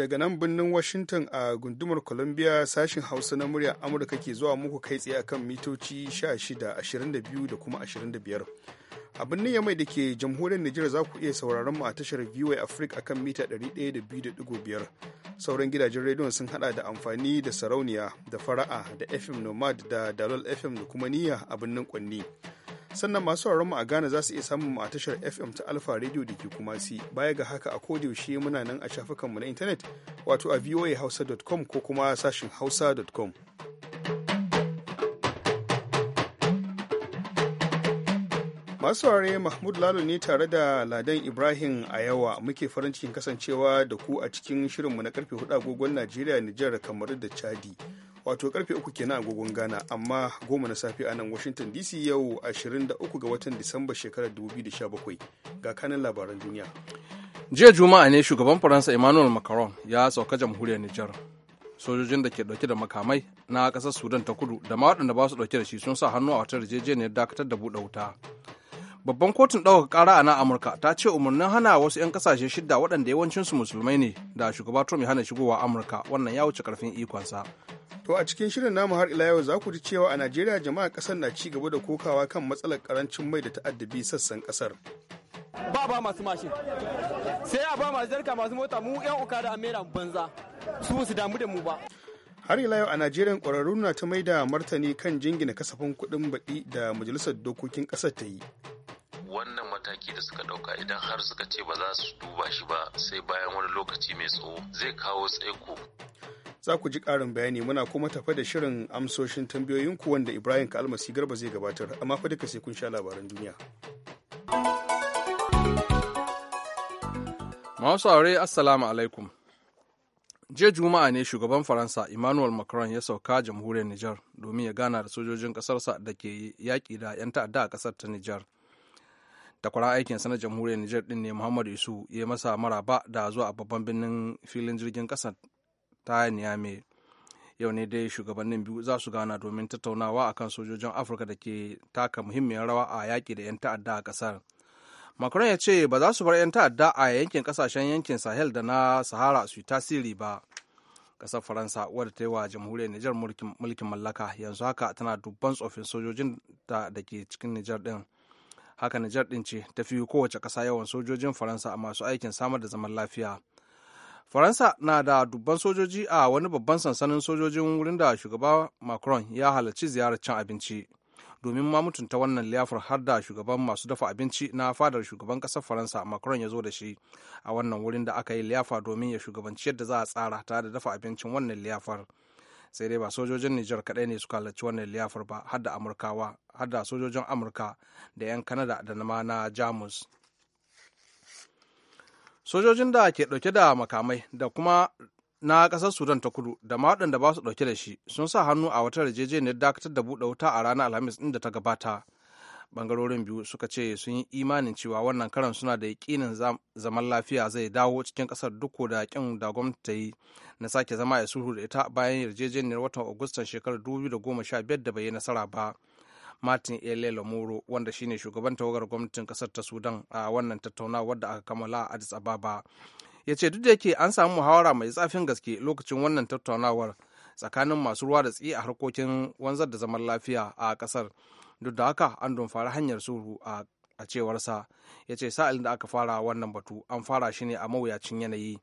daga nan birnin Washington a gundumar Columbia sashin Hausa na murya Amurka ke zuwa muku kai tsaye akan mitoci 16, 22 da kuma 25. A birnin Yamai da ke jamhuriyar Nijar za ku iya sauraron mu a tashar VOA Africa akan mita 102.5. Sauran gidajen rediyon sun hada da amfani da sarauniya da fara'a da FM Nomad da Dalol FM da kuma niyya a birnin Kwanni. sannan masu mu a Ghana za su iya samun mu a tashar FM ta Alpha Radio da ke kuma si baya ga haka a yaushe muna nan a shafukanmu na intanet wato a voahausa.com ko kuma sashin hausa.com. Masu ware Mahmud Lalo ne tare da Ladan Ibrahim a yawa muke farin cikin kasancewa da ku a cikin shirinmu na karfe hudu agogon Najeriya, Nijar, Kamaru da Chadi. wato karfe uku kenan agogon ghana amma goma na safe a nan washington dc yau 23 ga watan disamba shekarar 2017 ga kanin labaran duniya jiya juma'a ne shugaban faransa emmanuel macron ya sauka jamhuriyar nijar sojojin da ke dauke da makamai na kasar sudan ta kudu da ma waɗanda ba su dauke da shi sun sa hannu a wata yarjejeniyar dakatar da buɗe wuta babban kotun ɗaukaka ƙara a nan amurka ta ce umarnin hana wasu 'yan kasashe shida waɗanda yawancinsu musulmai ne da shugaba trump ya hana shigowa amurka wannan ya wuce karfin ikonsa to a cikin shirin namu har ila yau za ku ji cewa a najeriya jama'a ƙasar na ci gaba da kokawa kan matsalar karancin mai da ta'addabi sassan ƙasar ba ba masu mashin sai a ba masu jarka masu mota mu 'yan uka da amera banza su su damu da mu ba har ila yau a najeriya ƙwararru na ta maida martani kan jingina kasafin kuɗin baɗi da majalisar dokokin ƙasar ta yi wannan mataki da suka dauka idan har suka ce ba za su duba shi ba sai bayan wani lokaci mai tsawo zai kawo tsaiko za ku ji ƙarin bayani muna kuma tafa da shirin amsoshin tambayoyinku wanda ibrahim kalmasi garba zai gabatar amma fa duka sai kun sha labaran duniya masu aure assalamu alaikum jiya juma'a ne shugaban faransa emmanuel macron ya sauka jamhuriyar niger domin ya gana da sojojin ƙasarsa da ke yaƙi da 'yan ta'adda a kasar ta niger takwara aikin sanar jamhuriyar nijar din ne muhammadu isu ya masa maraba da zuwa a babban birnin filin jirgin ƙasa ta niamey yau ne dai shugabannin biyu za su gana domin tattaunawa akan sojojin afirka da ke taka muhimmiyar rawa a yaƙi da 'yan ta'adda a ƙasar macron ya ce ba za su bar 'yan ta'adda a yankin ƙasashen yankin sahel da na sahara su yi tasiri ba ƙasar faransa wadda ta yi wa jamhuriyar nijar mulkin mallaka yanzu haka tana dubban tsofin sojojin da ke cikin nijar din haka Nijar ɗin ce ta fi kowace ƙasa yawan sojojin Faransa a masu aikin samar da zaman lafiya. Faransa na da dubban sojoji a wani babban sansanin sojojin wurin da shugaba Macron ya halarci ziyarar cin abinci. Domin ma mutunta wannan liyafar har da shugaban masu dafa abinci na fadar shugaban ƙasar Faransa Macron ya zo da shi a wannan wurin da aka yi liyafa domin ya shugabanci yadda za a tsara tare da dafa abincin wannan liyafar. sai dai ba sojojin Nijar kaɗai ne suka halarci wannan liyafar ba har da Amurkawa har da sojojin Amurka da 'yan Kanada da nama na Jamus. Sojojin da ke ɗauke da makamai da kuma na ƙasar Sudan ta kudu da ma waɗanda ba su ɗauke da shi sun sa hannu a wata yarjejeniyar dakatar da buɗe wuta a ranar Alhamis ɗin da ta gabata. bangarorin biyu suka ce sun yi imanin cewa wannan karan suna da yakinin zaman lafiya zai dawo cikin kasar duk da kin da gwamnati ta yi na sake zama ya sulhu da ita bayan yarjejeniyar watan agustan shekarar 2015 da bai yi nasara ba martin ele lamoro wanda shine shugaban tawagar gwamnatin kasar ta sudan a wannan tattaunawar da aka kammala a addis ababa ya ce duk da yake an samu muhawara mai zafin gaske lokacin wannan tattaunawar tsakanin masu ruwa da tsi a harkokin wanzar da zaman lafiya a kasar duk da haka an don fara hanyar sulhu a a cewarsa ya ce sa'ilin da aka fara wannan batu an fara shi ne a mawuyacin yanayi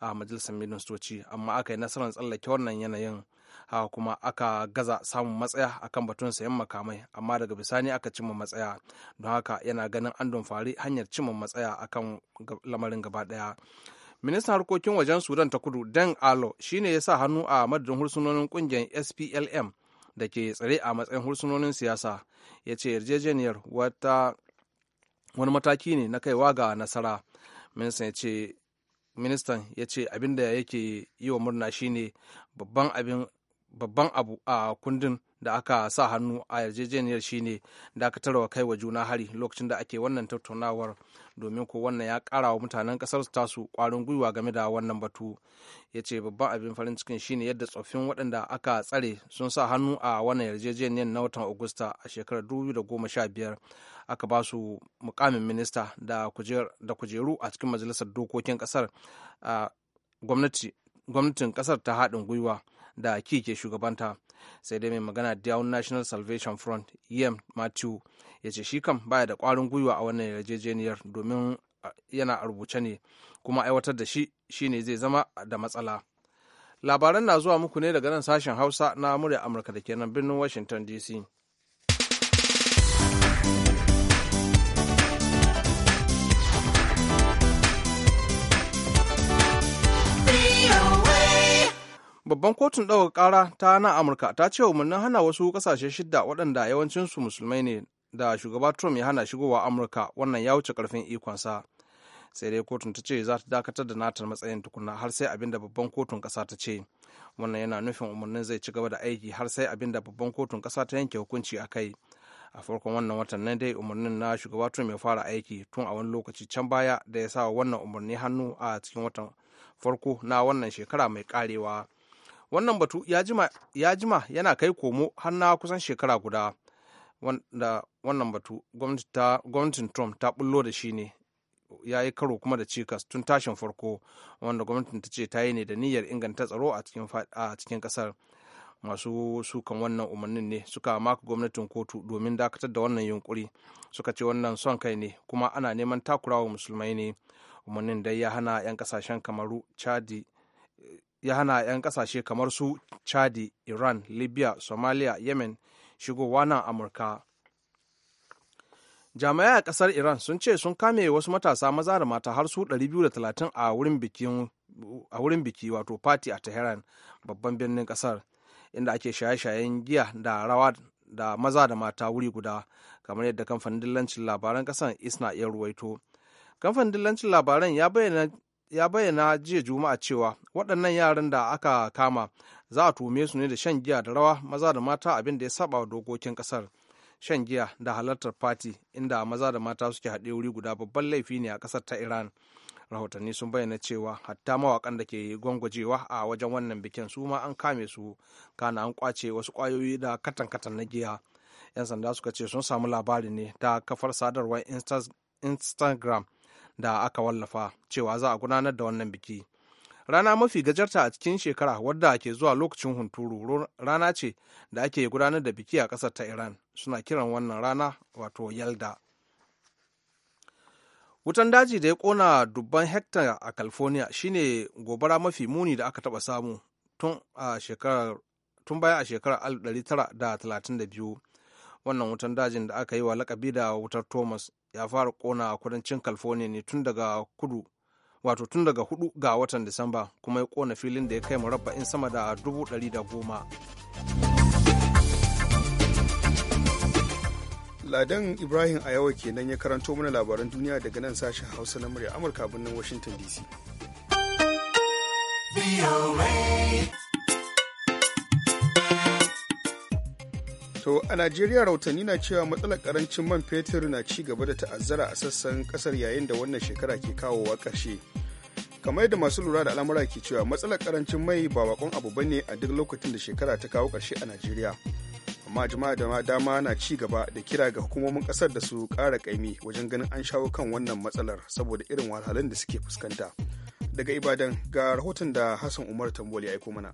a majalisar ministoci amma aka yi nasarar tsallake wannan yanayin haka kuma aka gaza samun matsaya akan batun sayan makamai amma daga bisani aka cimma matsaya don haka yana ganin an don fari hanyar cimma matsaya akan lamarin gaba daya ministan harkokin wajen sudan ta kudu dan alo shine ya sa hannu a madadin hursunonin kungiyar splm da ke tsare a matsayin hursunonin siyasa ya ce yarjejeniyar wata wani mataki ne na kaiwa ga nasara ministan ya ce abin da yake yi wa murna shine babban abu a kundin da aka sa hannu a yarjejeniyar shine dakatarwa kai wa juna hari lokacin da ake wannan tattaunawar domin ko wannan ya kara wa mutanen kasar su tasu kwarin gwiwa game da wannan batu ya ce babban abin farin cikin shine yadda tsoffin waɗanda aka tsare sun sa hannu a wannan yarjejeniyar na watan agusta a shekarar sha biyar aka ba su mukamin minista da kujeru a cikin majalisar dokokin kasar gwamnatin kasar ta haɗin gwiwa da kike shugabanta sai dai mai magana da national salvation front em matthew ya ce shi kam baya da kwarin gwiwa a wannan yarjejeniyar domin yana a rubuce ne kuma aiwatar da shi shi ne zai zama da matsala labaran na zuwa muku ne daga nan sashen hausa na murya amurka da kenan birnin washington dc babban kotun ɗaukar ƙara ta na amurka ta ce umarnin hana wasu ƙasashe shida waɗanda yawancinsu musulmai ne da shugaba trump ya hana shigowa amurka wannan ya wuce ƙarfin ikonsa sai dai kotun ta ce za ta dakatar da natar matsayin tukuna har sai abin da babban kotun ƙasa ta ce wannan yana nufin umarnin zai ci gaba da aiki har sai abin da babban kotun ƙasa ta yanke hukunci a kai a farkon wannan watan nan dai umarnin na shugaba trump ya fara aiki tun a wani lokaci can baya da ya sa wannan umarni hannu a cikin watan farko na wannan shekara mai karewa. wannan batu ya jima yana kai komo har na kusan shekara guda wanda wannan batu gwamnatin trump ta bullo da shi ne ya yi karo kuma da cikas tun tashin farko wanda gwamnatin ta ce ta yi ne da niyyar inganta tsaro a cikin kasar masu sukan wannan umarnin ne suka maka gwamnatin kotu domin dakatar da wannan yunkuri suka ce wannan son kai ne kuma ana neman takurawa musulmai ne umarnin dai ya hana 'yan kasashen kamaru chadi ya hana 'yan kasashe kamar su chadi iran libya somalia yemen shigowa nan amurka jami'ai a kasar iran sun ce sun kame wasu matasa maza da mata har su 230 a wurin biki wato fati a tehran babban birnin kasar inda ake shaye-shayen giya da rawa da maza da mata wuri guda kamar yadda kamfanin dillancin labaran kasar isna ya ruwaito kamfanin dillancin labaran ya bayyana ya bayyana jiya juma'a cewa waɗannan yaran da aka kama za a tuhume su ne da shan giya da rawa maza da mata abin da ya saba wa dokokin ƙasar shan giya da halartar fati inda maza da mata suke haɗe wuri guda babban laifi ne a ƙasar ta iran rahotanni sun bayyana cewa hatta mawakan da ke gwangwajewa a wajen wannan bikin su ma an kame su kana an kwace wasu kwayoyi da katan-katan na giya yan sanda suka ce sun samu labari ne ta kafar sadarwar instagram da aka wallafa cewa za a gudanar da wannan biki rana mafi gajarta a cikin shekara wadda ke zuwa lokacin hunturu rana ce da ake gudanar da biki a ƙasar ta iran suna kiran wannan rana wato yalda wutan daji da ya kona dubban hekta a california shine gobara mafi muni da aka taba samu tun bayan a shekarar 1932 wannan wutan dajin da aka yi wa lakabi da wutar thomas ya fara kona a kudancin california ne tun daga kudu wato tun daga hudu ga watan disamba kuma ya kona filin da ya kai murabba'in sama da dubu ɗari da goma ladan ibrahim a yawa kenan ya karanto mana labaran duniya daga nan sashen hausa na murya amurka birnin washington dc To a Najeriya rautani na cewa matsalar karancin man fetur na ci gaba da ta'azzara a sassan kasar yayin da wannan shekara ke kawowa ƙarshe. Kamar yadda masu lura da al'amura ke cewa matsalar karancin mai ba bakon abu ba ne a duk lokacin da shekara ta kawo ƙarshe a Najeriya. Amma jama'a da dama na ci gaba da kira ga hukumomin ƙasar da su ƙara ƙaimi wajen ganin an shawo kan wannan matsalar saboda irin wahalhalun da suke fuskanta. Daga Ibadan ga rahoton da Hassan Umar Tambol ya aiko mana.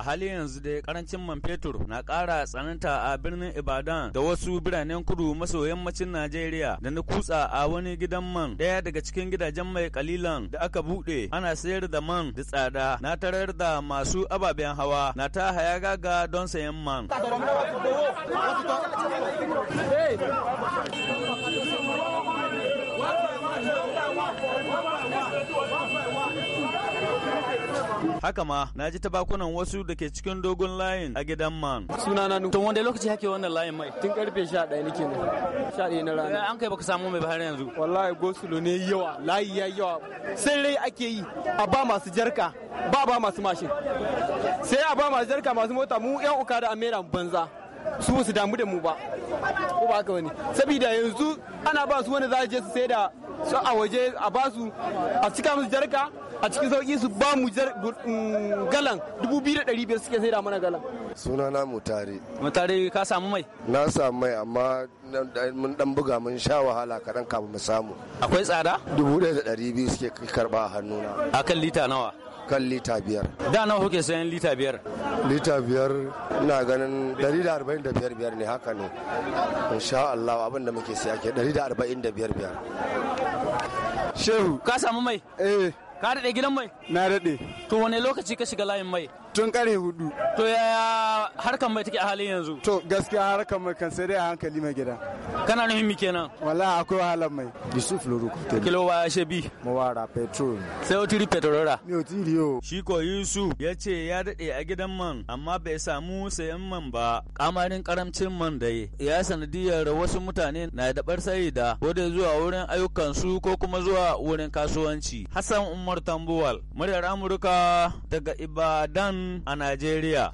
a halin yanzu da karancin man fetur na ƙara tsananta a birnin ibadan da wasu biranen kudu maso yammacin najeriya da na kutsa a wani gidan man daya daga cikin gidajen mai kalilan da aka buɗe ana sayar da man da tsada na tarar da masu ababen hawa na ta haya gaga don sayan man Haka ma na ji tabakunan wasu da ke cikin dogon layin a gidan man. Suna na Tun wanda lokaci hake wannan layin mai? Tun karfe ke nake nan. daya na rana. An kai baka samu mai bahar yanzu. Wallahi gosulo ne yawa, layi ya yawa. Sai rai ake yi a ba masu jarka, ba ba masu mashin. Sai a ba masu jarka masu mota mu yan uka da amera banza. su su damu da mu ba ko ba haka wani saboda yanzu ana ba su wani za je su sai da su a waje a ba su a cika musu jarka a cikin sauki su ba mu mm, galan dubu biyu da ɗari suke sai da mana galan suna na mutare mutare ka samu mai na samu mai amma mun dan buga mun sha wahala kaɗan kafin mu samu akwai tsada dubu ɗaya da ɗari biyu suke karɓa a hannuna akan lita nawa kan lita biyar. Da nawa kuke sayan lita biyar? Lita biyar na ganin 145 biyar ne haka ne. Insha Allah abin da muke siya ke 145 biyar. Shehu. Ka samu mai? Eh. Ka daɗe gidan mai? Na daɗe. To wane lokaci ka shiga layin mai? tun kare hudu. To ya harkan mai take a halin yanzu? To gaskiya harkan mai kan sai dai a hankali mai gida. Kana nufin mi kenan? Wala akwai wahalar mai. Yusuf Luru Kuteli. Kilo wa shebi. Mawara petrol. Sai o tiri petrolera. Ni o tiri o. Shi ko Yusuf ya ce ya daɗe a gidan man amma bai samu sayan man ba. Kamarin karamcin man da ya sanadiyar wasu mutane na daɓar sayi da wadda zuwa wurin ayyukansu ko kuma zuwa wurin kasuwanci. Hassan Umar Tambuwal. Muryar Amurka daga Ibadan a Najeriya.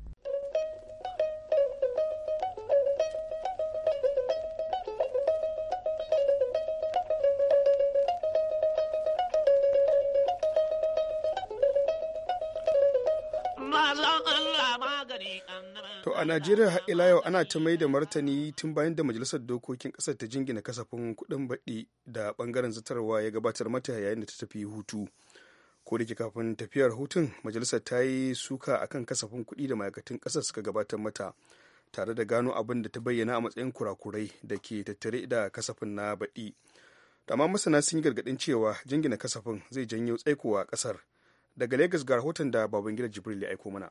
To a Najeriya har ila yau ana ta mai da martani tun bayan da majalisar dokokin ƙasar ta jingina kasafin kuɗin baɗi da ɓangaren zatarwa ya gabatar mata yayin da ta tafi hutu. ko da kafin tafiyar hutun majalisar ta yi suka akan kasafin kuɗi da ma'aikatan ƙasar suka gabatar mata tare da gano abin da ta bayyana a matsayin kurakurai da ke tattare da kasafin na baɗi amma masana sun yi gargaɗin cewa jingina kasafin zai janyo tsaikowa ƙasar daga lagos ga rahoton da babangida jibril ya aiko mana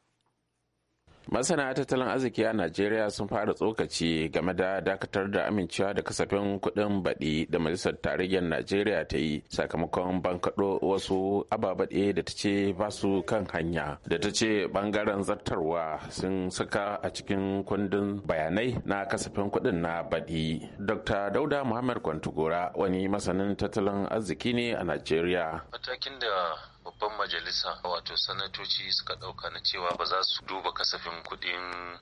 masana tattalin arziki a najeriya sun fara tsokaci game da dakatar da amincewa da kasafin kuɗin baɗi da majalisar tarayyar najeriya ta yi sakamakon bankaɗo wasu ababaɗe da ta ce ba su kan hanya da ta ce ɓangaren zartarwa sun saka a cikin kundin bayanai na kasafin kuɗin na baɗi dr dauda muhammad kwantugora wani masanin tattalin arziki ne a najeriya matakin da babban majalisa wato sanatoci suka ɗauka na cewa ba za su duba kasafin kuɗi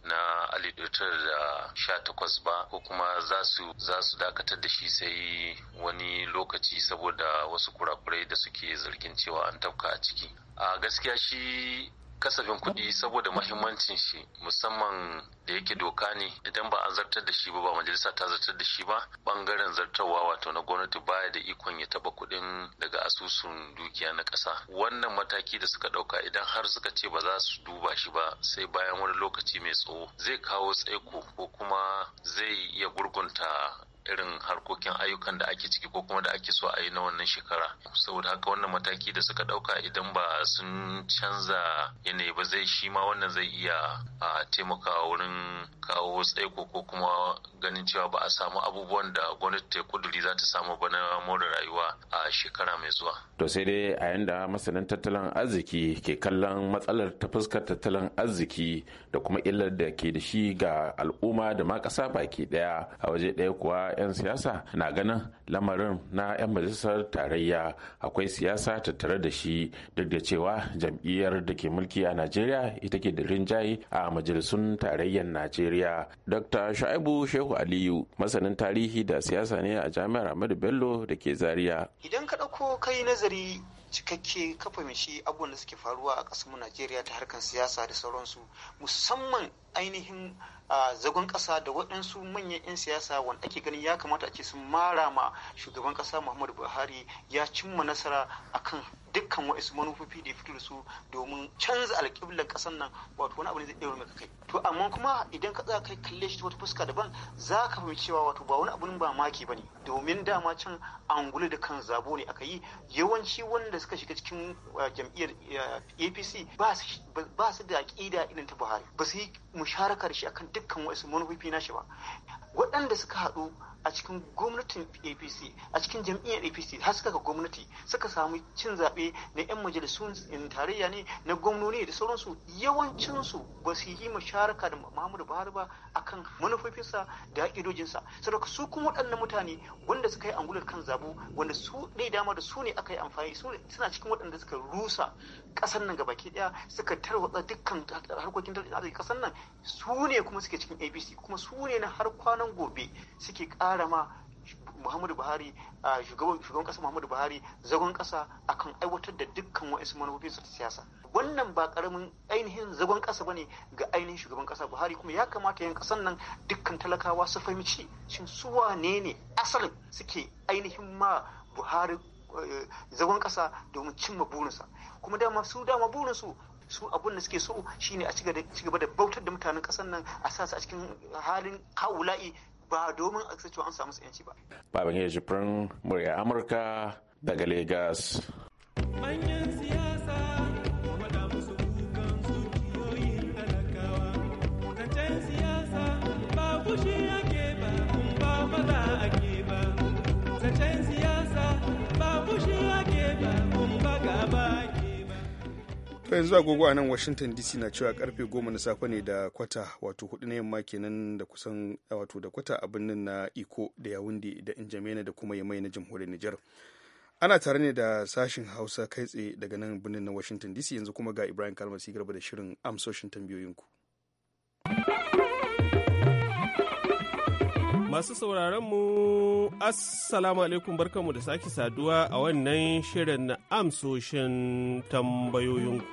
na alidotar da sha takwas ba ko kuma za su za su dakatar da shi sai wani lokaci saboda wasu kurakurai da suke zargin cewa an tafka a ciki a gaskiya shi kasafin kuɗi saboda mahimmancin shi musamman da yake doka ne idan ba an zartar da shi ba ba majalisa ta zartar da shi ba bangaren zartarwa wato na gwamnati baya da ikon ya taba kuɗin daga asusun dukiya na ƙasa wannan mataki da suka ɗauka idan har suka ce ba za su duba shi ba sai bayan wani lokaci mai tsawo zai kawo tsaiko ko kuma zai iya gurgunta irin harkokin ayyukan da ake ciki ko kuma da ake so a yi na wannan shekara saboda haka wannan mataki da suka dauka idan ba sun canza yanayi ba zai shi ma wannan zai iya a taimakawa wurin kawo tsaiko ko kuma ganin cewa ba a samu abubuwan da gwamnati ta kuduri za ta samu ba na more rayuwa a shekara mai zuwa to sai dai a yanda masanin tattalin arziki ke kallon matsalar ta fuskar tattalin arziki da kuma illar da ke da shi ga al'umma da ma ƙasa baki ɗaya, a waje ɗaya kuwa 'yan siyasa na ganin lamarin na 'yan majalisar tarayya akwai siyasa tattare da shi duk da cewa jam'iyyar da ke mulki a najeriya ita ke da rinjaye a majalisun tarayyar najeriya dr shaibu shehu aliyu masanin tarihi da siyasa ne a jami'ar ahmadu bello da ke Zariya. idan ka ɗauko kai nazari cikakke ka fahimci abubuwan da suke faruwa a ƙasar najeriya ta harkar siyasa da sauransu musamman ainihin a zagon kasa da waɗansu manyan 'yan siyasa wanda ake ganin ya kamata a ce sun mara ma shugaban kasa muhammadu buhari ya cimma nasara akan dukkan wa'isu manufofi da ya fito da su domin canza alƙiblar ƙasar nan wato wani abu ne zai ɗaure maka kai to amma kuma idan ka tsaya kai kalle shi ta wata fuska daban za ka fahimci cewa wato ba wani abun ba maki ba ne domin dama can angulu da kan zabo ne aka yi yawanci wanda suka shiga cikin uh, jam'iyyar uh, apc ba su da ƙida irin ta buhari ba su yi musharakar shi akan dukkan wasu manufofi na shi ba waɗanda suka haɗu a cikin gwamnatin apc a cikin jam'iyyar apc har suka ga gwamnati suka samu cin zaɓe na 'yan majalisun tarayya ne na gwamnoni da sauransu yawancinsu ba su yi musharaka da muhammadu buhari ba akan manufofinsa da ƙidojinsa saboda su kuma waɗannan mutane wanda suka yi angular kan zabu wanda su ɗai dama da su ne aka yi amfani suna cikin waɗanda suka rusa ƙasar nan gabaki ɗaya suka tarwatsa dukkan harkokin tattalin arziki ƙasar nan su ne kuma suke cikin apc kuma su ne na har ranar gobe suke ƙara ma muhammadu buhari shugaban ƙasa muhammadu buhari zagon ƙasa akan aiwatar da dukkan wa'insu manufofin su ta siyasa wannan ba karamin ainihin zagon ƙasa bane ga ainihin shugaban ƙasa buhari kuma ya kamata yan ƙasan nan dukkan talakawa su fahimci shin su wane ne asalin suke ainihin ma buhari eh, zagon ƙasa domin cimma burinsa kuma dama su dama burinsu su abun da suke so shine a ci gaba da bautar da mutanen kasar nan a sa su a cikin halin haula'i ba domin a cewa an samu tsayanci ba. Baban Yajibirin murya Amurka daga lagos. Manyan siyasa. to yanzu agogo a nan washington dc na cewa karfe goma na safe ne da kwata wato hudu na yamma kenan da kusan wato da kwata a birnin na iko da yawundi da injamena da kuma yamai na jamhuriyar nijar ana tare ne da sashin hausa kai tsaye daga nan birnin na washington dc yanzu kuma ga ibrahim kalmasi garba da shirin amsoshin tambayoyinku. Masu sauraron mu Assalamu alaikum barkanmu da sake saduwa a wannan shirin na amsoshin tambayoyinku.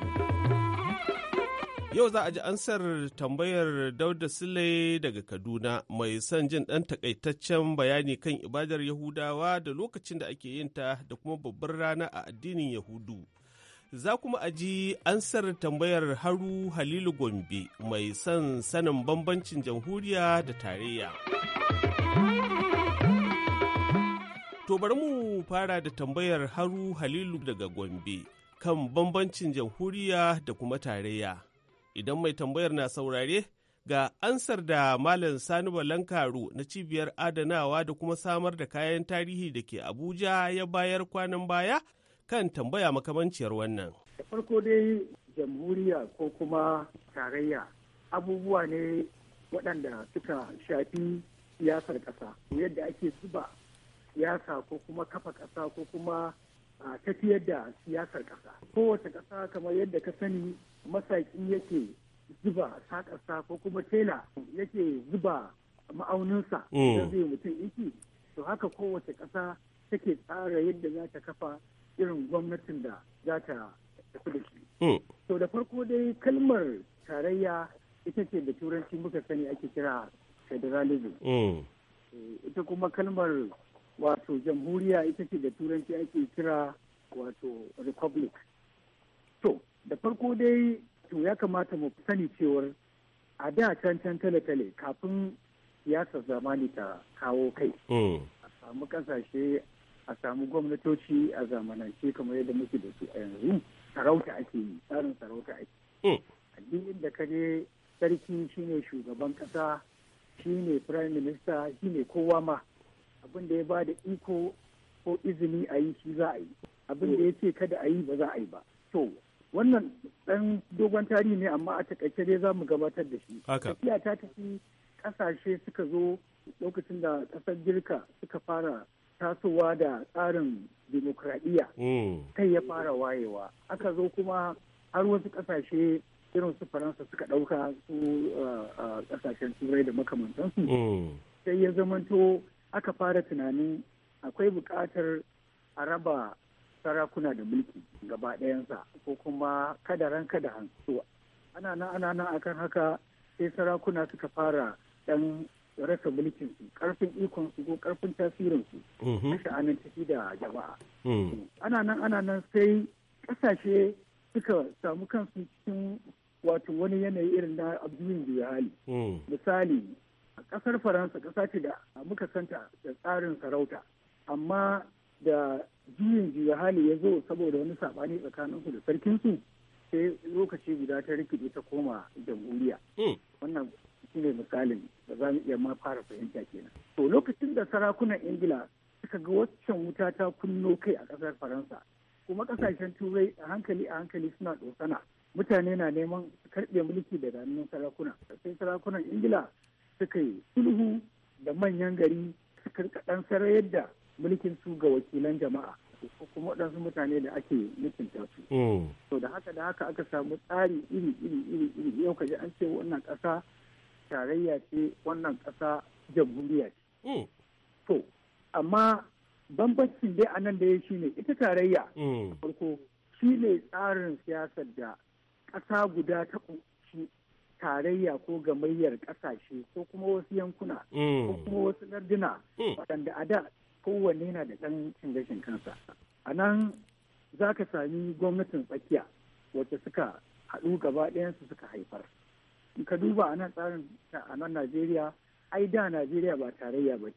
Yau za a ji ansar tambayar Dauda Sule daga Kaduna mai son jin ɗan takaitaccen bayani kan ibadar Yahudawa da lokacin da ake yinta da kuma babbar rana a addinin Yahudu. za kuma a ji ansar tambayar haru halilu gombe mai son sanin bambancin jamhuriya da tarayya To bari mu fara da tambayar Haru Halilu daga Gombe kan bambancin jamhuriya da kuma tarayya. Idan mai tambayar na saurare ga ansar da Malam Sani Balankaru na cibiyar adanawa da kuma samar da kayan tarihi da ke Abuja ya bayar kwanan baya kan tambaya makamanciyar wannan. farko dai jamhuriya ko kuma tarayya abubuwa ne waɗanda suka shafi siyasar ƙasa yadda ake zuba siyasa ko kuma kafa ƙasa ko kuma tafiyar da siyasar ƙasa kowace ƙasa kamar yadda ka sani masaƙi yake zuba saƙasa ko kuma tela yake zuba ma'auninsa mm. zai mutum iki to haka kowace ƙasa take tsara yadda za ta kafa irin gwamnatin da za ta tafi da shi. Mm. To da farko dai kalmar tarayya ita ce da turanci muka sani ake kira federalism mm. eh, ita kuma kalmar wato jamhuriya ita ce da turanci ake kira wato republic to da farko dai to ya kamata mu sani cewar a da can can tale-tale kafin siyasa zamani ta kawo kai mm. a samu kasashe a samu gwamnatoci a zamanance kamar yadda muke da su a yanzu sarauta ake yi tsarin sarauta ake mm. duk inda ka je sarki shine shugaban kasa shi ne prime minister shi ne kowa ma abin da ya ba da iko ko izini a yi shi za a yi abin da ya ce kada a yi ba za a yi ba to wannan dan dogon tarihi ne amma a takaice dai za mu gabatar da shi tafiya ta tafi kasashe suka zo lokacin da kasar girka suka fara tasowa da tsarin demokradiyya mm. kai ya fara wayewa aka zo kuma har wasu kasashe. irin su faransa suka ɗauka su ƙasashen turai da makamantansu mm. sai ya zamanto aka fara tunanin akwai buƙatar a raba sarakuna da mulki gaba ɗayansa ko kuma kada ranka da hansuwa ana nan ana nan akan haka sai sarakuna suka fara ɗan rasa mulkinsu ƙarfin ikonsu ko ƙarfin tasirinsu na sha'anin ciki da jama'a mm. ana nan ana nan sai ƙasashe suka samu kansu cikin wato wani yanayi irin na abin juya hali hmm. misali a ƙasar faransa ƙasa ce da muka santa da tsarin sarauta amma da juyin juya hali ya zo saboda wani saɓani su da sarkin sarkinsu sai lokaci guda ta rikide ta koma jamhuriya hmm. wannan shi ne misalin da za mu iya ma fara fahimta kenan to lokacin da sarakunan ingila suka ga waccan wuta ta kunno kai a ƙasar faransa kuma ƙasashen turai a hankali a hankali suna ɗosana mutane na neman karɓe mulki daga hannun sarakuna sai sarakunan ingila suka yi sulhu da manyan gari suka kaɗan sarayar da mulkin su ga wakilan jama'a ko kuma waɗansu mutane da ake mutunta su. Hmm. To da haka da haka aka samu tsari iri iri iri iri yau kaji an ce wannan ƙasa tarayya ce wannan ƙasa jamhuriya ce. Hmm. To amma bambancin dai anan da ya shine ita tarayya hmm. farko shine tsarin siyasar da ƙasa guda ta ƙunshi tarayya ko gamayyar ƙasashe ko kuma wasu yankuna ko mm. kuma wasu larduna mm. waɗanda a da kowanne yana da ɗan cin kansa a nan za ka sami gwamnatin tsakiya wacce suka haɗu gaba ɗayansu suka haifar in ka duba a nan tsarin a nan najeriya ai da najeriya ba tarayya ba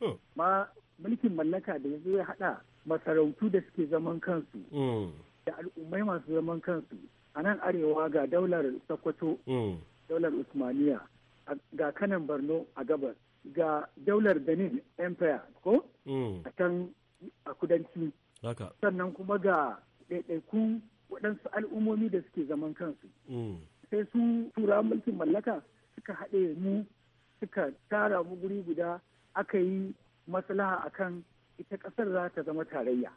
mm. ma mulkin mallaka da yanzu ya haɗa masarautu da suke zaman kansu da al'ummai masu zaman kansu a nan arewa ga daular sokoto mm. daular usmaniya ga kanan borno a gabas ga daular benin empire ko mm. a can a kudanci sannan kuma ga ɗaiɗaikun waɗansu al'ummomi da suke zaman kansu mm. sai su tura mulkin mallaka suka haɗe mu suka tara mu guri guda aka yi maslaha kan ita ƙasar za ta zama tarayya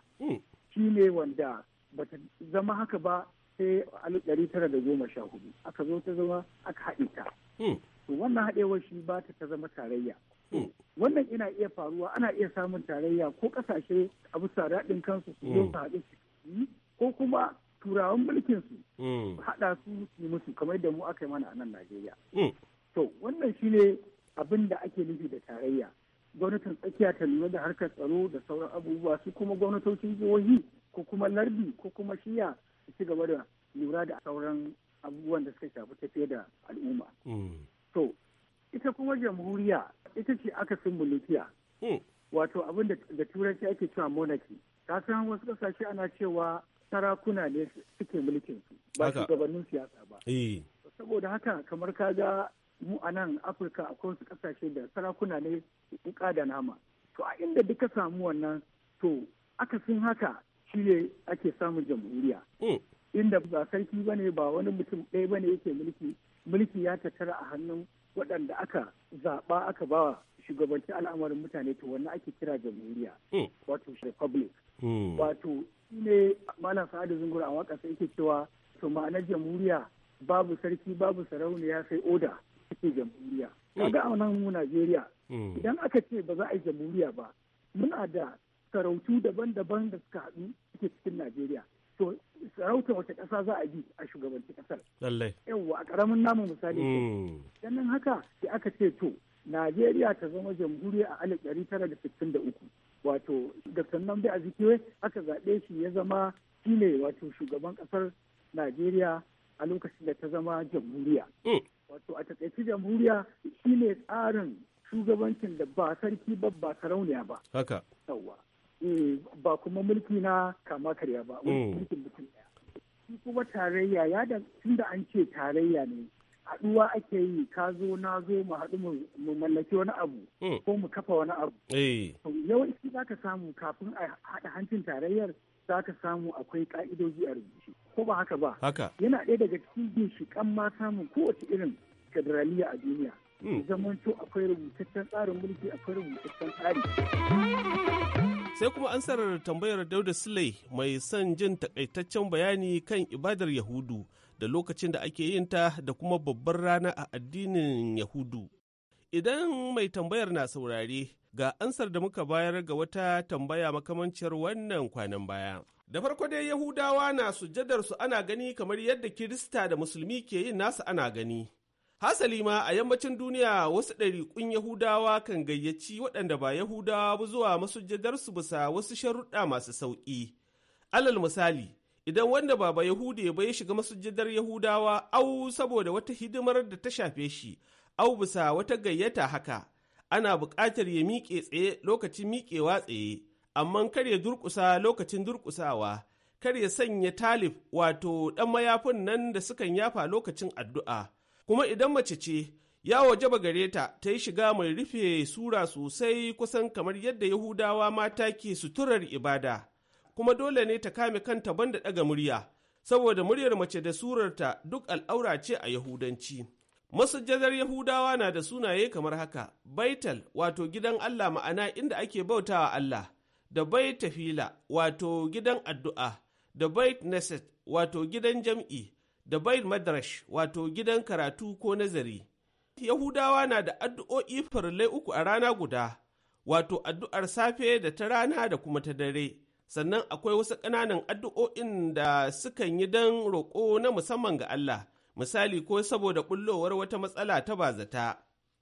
shi ne wanda bata zama haka ba sai a ɗari tara da goma sha hudu aka zo ta zama aka haɗe ta hmm. to wannan haɗewar shi ba ta ta zama tarayya hmm. wannan ina iya faruwa ana iya samun tarayya ko ƙasashe a bisa daɗin kansu su zo su hmm. haɗe su ko kuma turawan mulkin su haɗa su su musu kamar da mu aka yi mana a nan Najeriya to wannan shine abin da ake nufi da tarayya gwamnatin tsakiya ta lura da harkar tsaro da sauran abubuwa su kuma gwamnatocin jihohi ko kuma lardi ko kuma shiya ci gaba da lura da sauran abubuwan da suka shafi tafiye da al'umma. Hmm. To, ita kuma jamhuriya ita ce aka sun mulkiya. Hmm. Wato abin da turanci ake cewa monarchy. ta san wasu kasashe ana cewa sarakuna ne suke mulkin su ba shugabannin siyasa ba. Eh. Saboda haka kamar ka ga mu a nan Afirka akwai wasu kasashe da sarakuna ne wuka da nama. To a inda duka samu wannan to akasin haka shi ne ake samun jamhuriya oh. inda ba sarki ba ne ba wani mutum ɗaya ba ne yake mulki mulki ya tattara a hannun waɗanda aka zaɓa aka bawa shugabanci al'amarin mutane to wannan ake kira jamhuriya oh. wato republic hmm. wato shi ne malam sa'adu zungura a waka sai yake cewa to ma'anar jamhuriya babu sarki babu sarauniya sai oda ake jamhuriya hmm. kaga a nan mu Najeriya hmm. idan aka ce ba za a yi jamhuriya ba muna da sarautu daban-daban da suka haɗu suke cikin Najeriya. To sarautar wata ƙasa za a bi a shugabanci ƙasar. Lallai. Yawwa a ƙaramin namu misali. Sannan hmm. haka sai aka ce to Najeriya ta zama jamhuriya a alif ɗari tara da sittin da uku. Wato Dr. Nnamdi Azikiwe aka zaɓe shi ya zama shi ne wato shugaban ƙasar Najeriya a lokacin da ta zama jamhuriya. Hmm. Wato a taƙaice jamhuriya shine tsarin shugabancin da ba sarki ba ba sarauniya ba. Haka. Mm, ba kuma mulki na kama karya ba mm. mulkin mutum ɗaya kuma tarayya ya da da an ce tarayya ne haɗuwa ake yi ka zo na zo mu haɗu mu mallaki wani abu mm. ko mu kafa wani abu eh. yawanci za ka samu kafin a haɗa hancin tarayyar za ka samu akwai ka'idoji a rubuce ko ba haka ba yana ɗaya daga cikin kan ma samun kowace irin federaliya a duniya zamanto akwai rubutaccen tsarin mulki akwai rubutaccen tsari Sai kuma an ansarar tambayar Dauda Sule mai son jin takaitaccen bayani kan ibadar Yahudu da lokacin da ake yin ta da kuma babbar rana a addinin Yahudu. Idan mai tambayar na saurare ga ansar da muka bayar ga wata tambaya makamanciyar wannan kwanan baya. Da farko dai Yahudawa na sujadar su ana gani kamar yadda Kirista da Musulmi ke yin nasu ana gani. Hasali ma a yammacin duniya wasu ɗariƙun Yahudawa kan gayyaci waɗanda ba Yahudawa ba zuwa masujadarsu bisa wasu sharuɗa masu sauƙi. Alal misali, idan wanda ba ba Yahude ba ya shiga masujadar Yahudawa au saboda wata hidimar da ta shafe shi, au bisa wata gayyata haka, ana buƙatar ya miƙe tsaye lokacin miƙewa tsaye, amma kar ya durƙusa lokacin durƙusawa, kar ya sanya talib wato ɗan mayafin nan da sukan yafa lokacin addu'a. kuma idan mace ce ya wajaba gare ta ta yi shiga mai rufe sura sosai kusan kamar yadda yahudawa mata ke suturar ibada kuma dole ne ta kame kanta banda ɗaga murya saboda muryar mace da surarta duk al'aura ce a yahudanci masujadar yahudawa na da sunaye kamar haka baital wato gidan allah ma'ana inda ake bautawa allah da bai tafila wato gidan addu'a da bai neset wato gidan jam'i da bayil madrash wato gidan karatu ko nazari. Yahudawa na da addu'o'i farillai uku a rana guda, wato addu'ar safe da ta rana da kuma ta dare. Sannan akwai wasu ƙananan addu'o'in da sukan yi don roƙo na musamman ga Allah, misali ko saboda ɓullowar wata matsala ta bazata.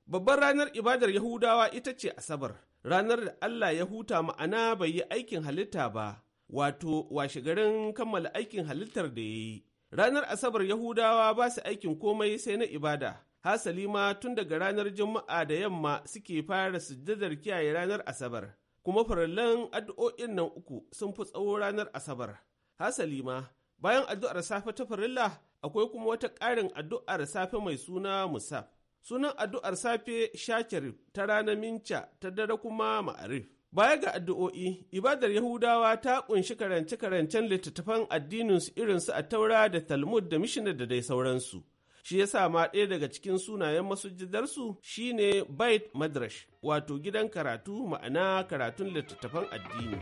Babbar ranar ibadar Yahudawa ita ce Asabar, ranar da Allah ya huta ma'ana bai yi aikin halitta ba, wato washegarin kammala aikin halittar da ya yi. Ranar Asabar Yahudawa ba su aikin komai sai na ibada. Hasali ma tun daga ranar Juma'a da yamma suke fara sujjadar kiyaye ranar Asabar. Kuma farallan addu'o'in nan uku sun fi tsawo ranar Asabar. Hasali ma bayan addu'ar safe ta farilla akwai kuma wata ƙarin addu'ar safe mai suna musaf. Sunan addu'ar safe shakirif ta ranar minca ta dare kuma ma'arif. Baya ga addu'o'i, ibadar Yahudawa ta ƙunshi karance-karancen littattafan addininsu irinsu a taura da Talmud da Mishinar da dai sauransu. Shi ya sa ma ɗaya daga cikin sunayen masujidarsu shine Bait Madrash, wato gidan karatu ma'ana karatun littattafan addini.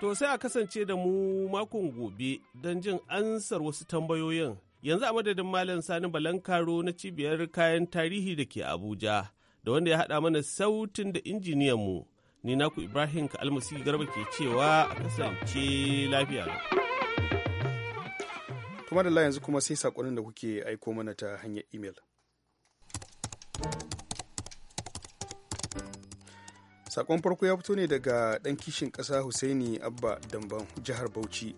To sai a kasance da mu makon gobe don jin ansar wasu tambayoyin. Yanzu a madadin Malam Sani Balankaro na cibiyar kayan tarihi da ke Abuja. da wanda ya haɗa mana sautin da injiniyanmu ni naku ibrahim almasi garba ke cewa a kasance lafiya kuma da yanzu kuma sai saƙonin da kuke aiko mana ta hanyar imel saƙon farko ya fito ne daga ɗan kishin ƙasa husaini abba damban jihar bauchi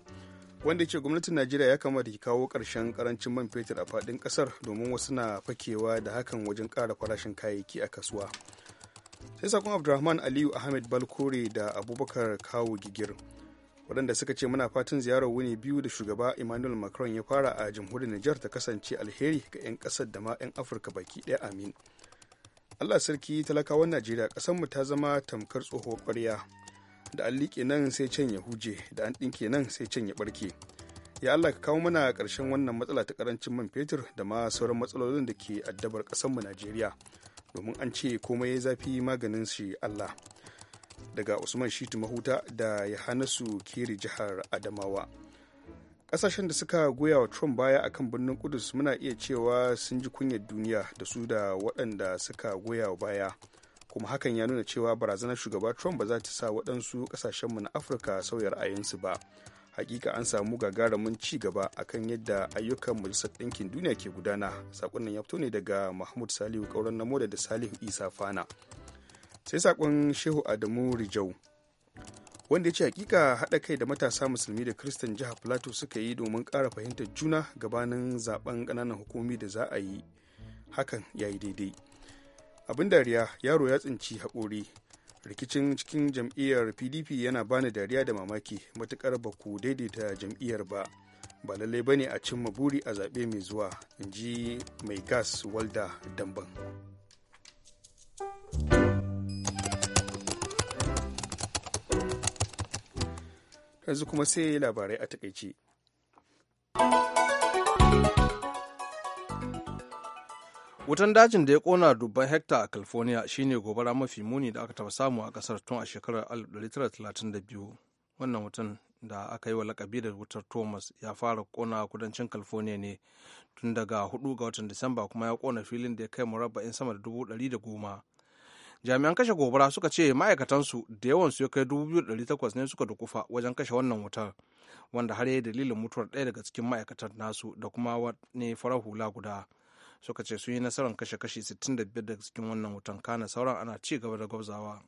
wanda ce gwamnatin najeriya ya kamata ki kawo ƙarshen karancin man fetur a fadin kasar domin wasu na fakewa da hakan wajen kara farashin kayayyaki a kasuwa sai sakon abdulrahman aliyu ahmed balkore da abubakar kawo gigir waɗanda suka ce muna fatan ziyarar wuni biyu da shugaba emmanuel macron ya fara a jamhuriyar niger ta kasance alheri ga 'yan kasar da ma 'yan afirka baki ɗaya amin allah sarki talakawan najeriya ƙasarmu ta zama tamkar tsoho ƙwarya da an liƙe nan sai can ya huje da an ɗinke nan sai can ya ɓarke ya Allah ka kawo mana ƙarshen wannan matsala ta ƙarancin man fetur da ma sauran matsalolin da ke addabar ƙasarmu Najeriya domin an ce komai ya zafi maganin shi Allah daga Usman Shitu Mahuta da Yahanasu Kiri jihar Adamawa ƙasashen da suka goya wa Trump baya akan birnin Kudus muna iya cewa sun ji kunyar duniya da su da waɗanda suka goya baya kuma hakan ya nuna cewa barazanar shugaba trump ba za ta sa waɗansu ƙasashenmu na afirka sauya ra'ayinsu ba hakika an samu gagarumin ci gaba akan yadda ayyukan majalisar ɗinkin duniya ke gudana sakonnin ya fito ne daga mahmud salihu ƙauran namo da salihu isa fana sai sakon shehu adamu rijau wanda ya ce hakika haɗa kai da matasa musulmi da kristan jihar plateau suka yi domin ƙara fahimtar juna gabanin zaben ƙananan hukumomi da za a yi hakan ya yi daidai abin dariya yaro ya tsinci haƙori rikicin cikin jam'iyyar pdp yana bani dariya da mamaki matukar ba ku daidaita jam'iyyar ba ba lallai ne a cimma buri a zaɓe mai zuwa in ji mai gas walda damban yanzu kuma sai labarai a takaice wutan dajin da ya kona dubban hekta a california shine gobara mafi muni da aka taba samu a kasar tun a shekarar 1932 wannan wutan da aka yi wa lakabi da wutar thomas ya fara kona a kudancin california ne tun daga 4 ga watan disamba kuma ya kona filin da ya kai murabba'in sama da 100,000 jami'an kashe gobara suka ce ma'aikatansu da yawansu ya kai 2800 ne suka dukufa wajen kashe wannan wutar wanda har ya yi dalilin mutuwar ɗaya daga cikin ma'aikatan nasu da kuma wani farar hula guda suka ce sun yi nasarar kashe kashi 65 daga cikin wannan wutan kana sauran ana ci gaba da gwabzawa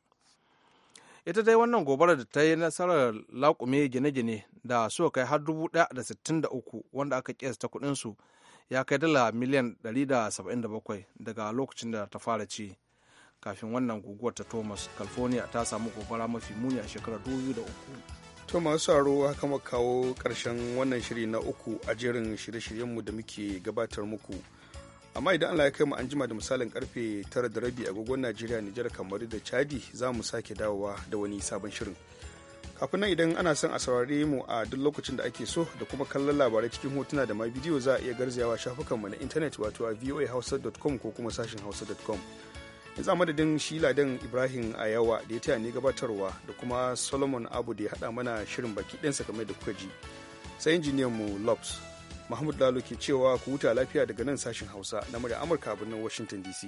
ita dai wannan gobarar da ta yi nasarar laƙume gine-gine da suka kai har 1,063 wanda aka kiyasta kuɗinsu ya kai dala miliyan 177 daga lokacin da ta fara ci kafin wannan guguwar ta thomas california ta samu gobara mafi muni a shekarar 2003 to masu saro haka kawo ƙarshen wannan shiri na uku a jerin shirye-shiryenmu da muke gabatar muku amma idan Allah ya kai mu an jima da misalin karfe 9 da rabi agogon Najeriya Nijar kamaru da Chadi za mu sake dawowa da wani sabon shirin kafin nan idan ana son a saurare mu a duk lokacin da ake so da kuma kallon labarai cikin hotuna da ma bidiyo za a iya garzayawa mu na intanet wato a voahausa.com ko kuma sashin hausa.com yanzu a madadin shi dan ibrahim ayawa da ya taya ni gabatarwa da kuma solomon abu da ya haɗa mana shirin baki ɗansa kamar da kuka ji sai injiniyan mu lobs Mahmud Lalo ke cewa ku huta lafiya daga nan sashen Hausa na murya Amurka birnin Washington DC.